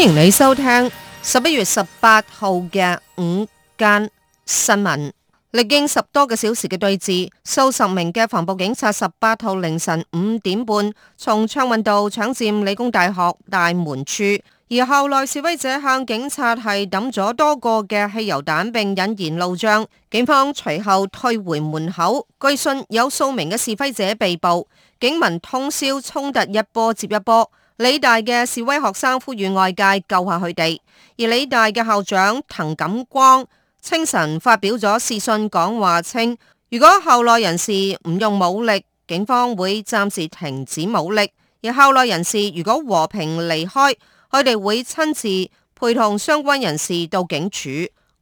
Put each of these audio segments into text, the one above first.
歡迎你收聽十一月十八號嘅午間新聞。歷經十多個小時嘅對峙，數十名嘅防暴警察十八號凌晨五點半從暢運道搶佔理工大學大門處，而後來示威者向警察係抌咗多個嘅汽油彈，並引燃路障。警方隨後退回門口，據信有數名嘅示威者被捕。警民通宵衝突，一波接一波。李大嘅示威學生呼籲外界救下佢哋，而李大嘅校長滕錦光清晨發表咗視訊講話稱，稱如果校內人士唔用武力，警方會暫時停止武力；而校內人士如果和平離開，佢哋會親自陪同相關人士到警署，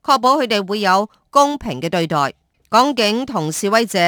確保佢哋會有公平嘅對待。港警同示威者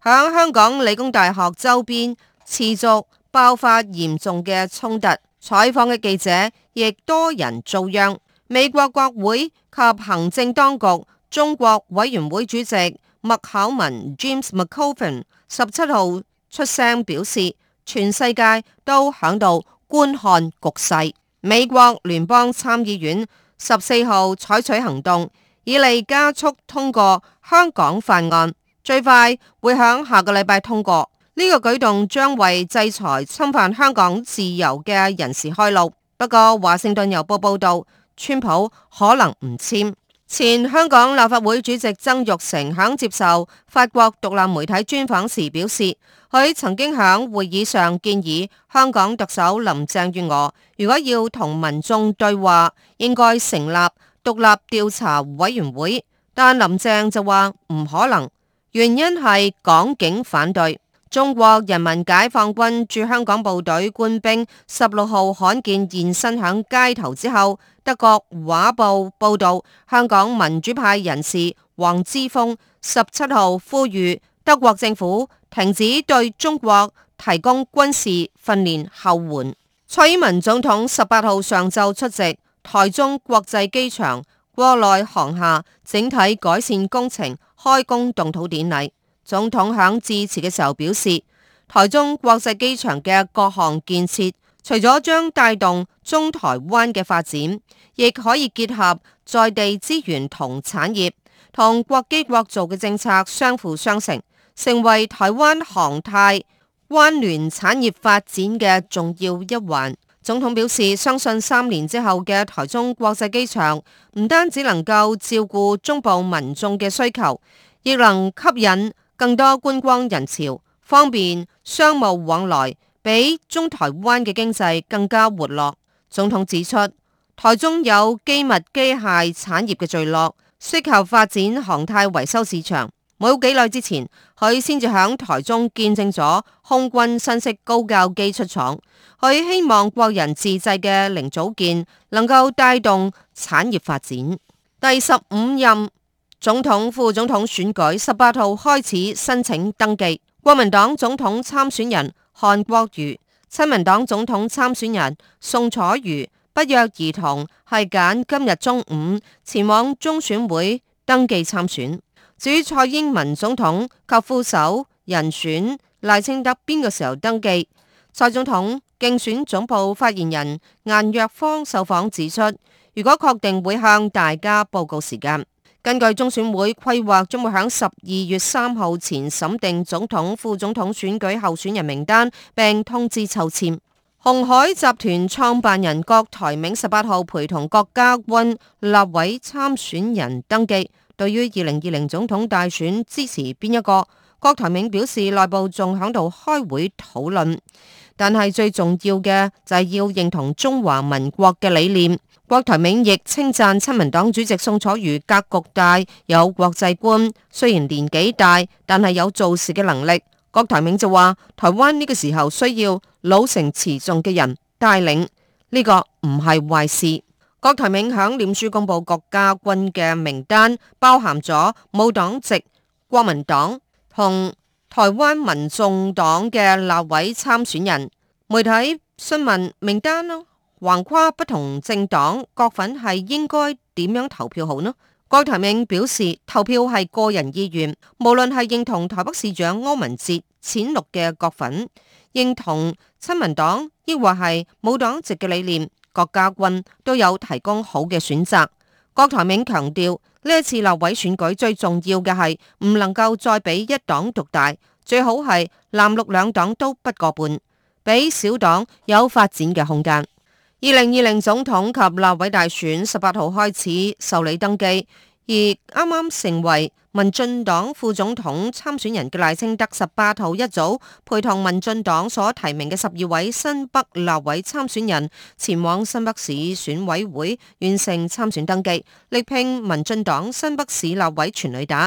響香港理工大學周邊持足。爆發嚴重嘅衝突，採訪嘅記者亦多人遭殃。美國國會及行政當局中國委員會主席麥考文 （James m c a v i n 十七號出聲表示，全世界都響度觀看局勢。美國聯邦參議院十四號採取行動，以嚟加速通過香港法案，最快會響下個禮拜通過。呢個舉動將為制裁侵犯香港自由嘅人士開路。不過，華盛頓郵報報道，川普可能唔簽。前香港立法會主席曾鈺成響接受法國獨立媒體專訪時表示，佢曾經響會議上建議香港特首林鄭月娥，如果要同民眾對話，應該成立獨立調查委員會，但林鄭就話唔可能，原因係港警反對。中國人民解放軍駐香港部隊官兵十六號罕見現身響街頭之後，德國畫報報道，香港民主派人士黃之鋒十七號呼籲德國政府停止對中國提供軍事訓練後援。蔡英文總統十八號上晝出席台中國際機場國內航廈整體改善工程開工動土典禮。總統響致辭嘅時候表示，台中國際機場嘅各項建設，除咗將帶動中台灣嘅發展，亦可以結合在地資源同產業，同國機國造嘅政策相輔相成，成為台灣航太關聯產業發展嘅重要一環。總統表示，相信三年之後嘅台中國際機場，唔單止能夠照顧中部民眾嘅需求，亦能吸引。更多觀光人潮，方便商務往來，比中台灣嘅經濟更加活絡。總統指出，台中有精密機械產業嘅聚落，適合發展航太維修市場。冇幾耐之前，佢先至響台中見證咗空軍新式高教機出廠。佢希望國人自製嘅零組件能夠帶動產業發展。第十五任。總統副總統選舉十八號開始申請登記，國民黨總統參選人韓國瑜、親民黨總統參選人宋楚瑜不約而同係揀今日中午前往中選會登記參選。至於蔡英文總統及副手人選賴清德邊個時候登記？蔡總統競選總部發言人顏若芳受訪指出，如果確定會向大家報告時間。.根據中選會規劃，將會喺十二月三號前審定總統、副總統選舉候選人名單，並通知抽籤。鴻海集團創辦人郭台銘十八號陪同郭家軍立委參選人登記。對於二零二零總統大選支持邊一個，郭台銘表示內部仲喺度開會討論，但係最重要嘅就係要認同中華民國嘅理念。郭台銘亦稱讚親民黨主席宋楚瑜格局大，有國際觀，雖然年紀大，但係有做事嘅能力。郭台銘就話：台灣呢個時候需要老成持重嘅人帶領，呢個唔係壞事。郭台銘響臉書公布國家軍嘅名單，包含咗冇黨籍、國民黨同台灣民眾黨嘅立委參選人。媒體詢問名單咯。橫跨不同政黨，國粉係應該點樣投票好呢？郭台銘表示，投票係個人意願，無論係認同台北市長柯文哲、淺綠嘅國粉，認同親民黨，亦或係冇黨籍嘅理念，郭家軍都有提供好嘅選擇。郭台銘強調，呢一次立委選舉最重要嘅係唔能夠再俾一黨獨大，最好係藍綠兩黨都不過半，俾小黨有發展嘅空間。二零二零總統及立委大選十八號開始受理登記，而啱啱成為民進黨副總統參選人嘅賴清德十八號一組陪同民進黨所提名嘅十二位新北立委參選人前往新北市選委會完成參選登記，力拼民進黨新北市立委全壘打。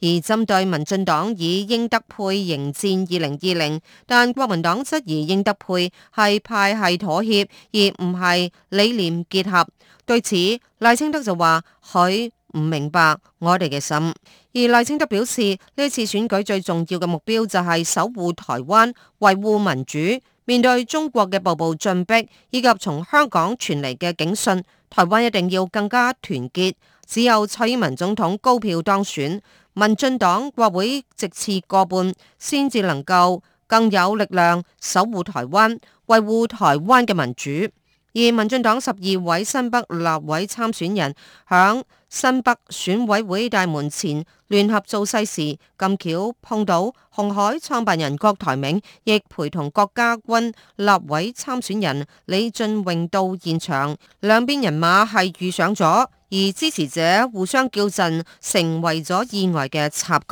而針對民進黨以英德配迎戰二零二零，但國民黨質疑英德配係派系妥協而唔係理念結合，對此賴清德就話佢唔明白我哋嘅心，而賴清德表示呢次選舉最重要嘅目標就係守護台灣，維護民主。面對中國嘅步步進逼以及從香港傳嚟嘅警訊，台灣一定要更加團結，只有蔡英文總統高票當選，民進黨國會席次過半，先至能夠更有力量守護台灣，維護台灣嘅民主。而民進黨十二位新北立委參選人響新北選委會大門前聯合造勢時，咁巧碰到鴻海創辦人郭台銘，亦陪同郭家軍立委參選人李俊榮到現場，兩邊人馬係遇上咗，而支持者互相叫陣，成為咗意外嘅插曲。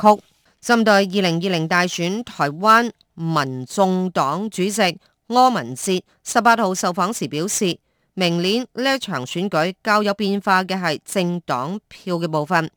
針對二零二零大選，台灣民眾黨主席。柯文哲十八號受訪時表示，明年呢一場選舉較有變化嘅係政黨票嘅部分，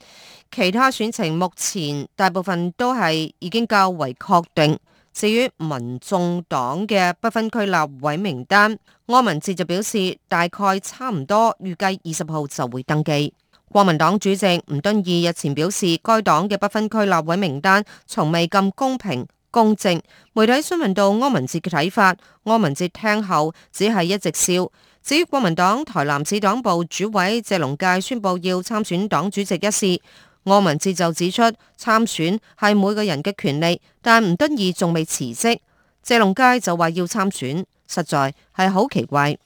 其他選情目前大部分都係已經較為確定。至於民眾黨嘅不分區立委名單，柯文哲就表示大概差唔多，預計二十號就會登記。國民黨主席吳敦義日前表示，該黨嘅不分區立委名單從未咁公平。公正媒體詢問到柯文哲嘅睇法，柯文哲聽後只係一直笑。至於國民黨台南市黨部主委謝龍介宣佈要參選黨主席一事，柯文哲就指出參選係每個人嘅權利，但吳敦義仲未辭職，謝龍介就話要參選，實在係好奇怪。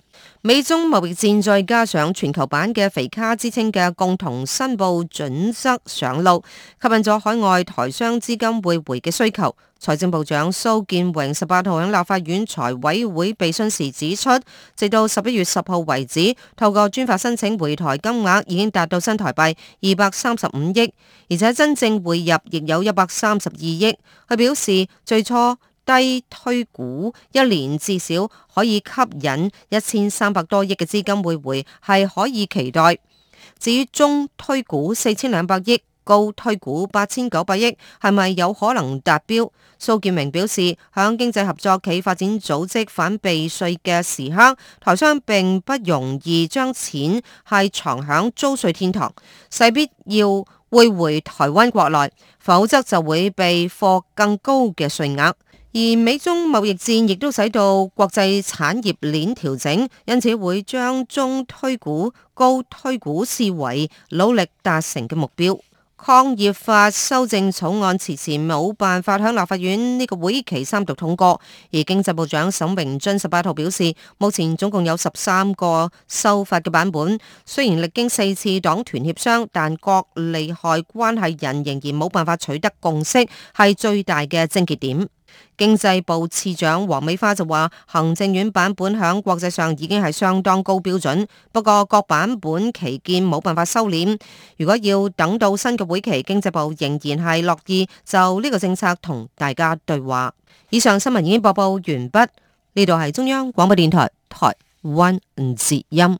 美中貿易戰再加上全球版嘅肥卡之稱嘅共同申報準則上路，吸引咗海外台商資金匯回嘅需求。財政部長蘇建榮十八號喺立法院財委會備詢時指出，直到十一月十號為止，透過專法申請回台金額已經達到新台幣二百三十五億，而且真正匯入亦有一百三十二億。佢表示，最初。低推估一年至少可以吸引一千三百多億嘅資金匯回，回，係可以期待。至於中推估四千兩百億、高推估八千九百億，係咪有可能達標？蘇建明表示，響經濟合作暨發展組織反避稅嘅時刻，台商並不容易將錢係藏響租稅天堂，勢必要匯回，回台灣國內，否則就會被課更高嘅稅額。而美中貿易戰亦都使到國際產業鏈調整，因此會將中推股高推股視為努力達成嘅目標。礦業法修正草案遲遲冇辦法響立法院呢個會期三讀通過，而經濟部長沈榮津十八號表示，目前總共有十三個修法嘅版本，雖然歷經四次黨團協商，但各利害關係人仍然冇辦法取得共識，係最大嘅症結點。經濟部次長黃美花就話，行政院版本響國際上已經係相當高標準，不過各版本期間冇辦法收斂。如果要等到新嘅會期，經濟部仍然係樂意就呢個政策同大家對話。以上新聞已經播報完畢，呢度係中央廣播電台台灣之音。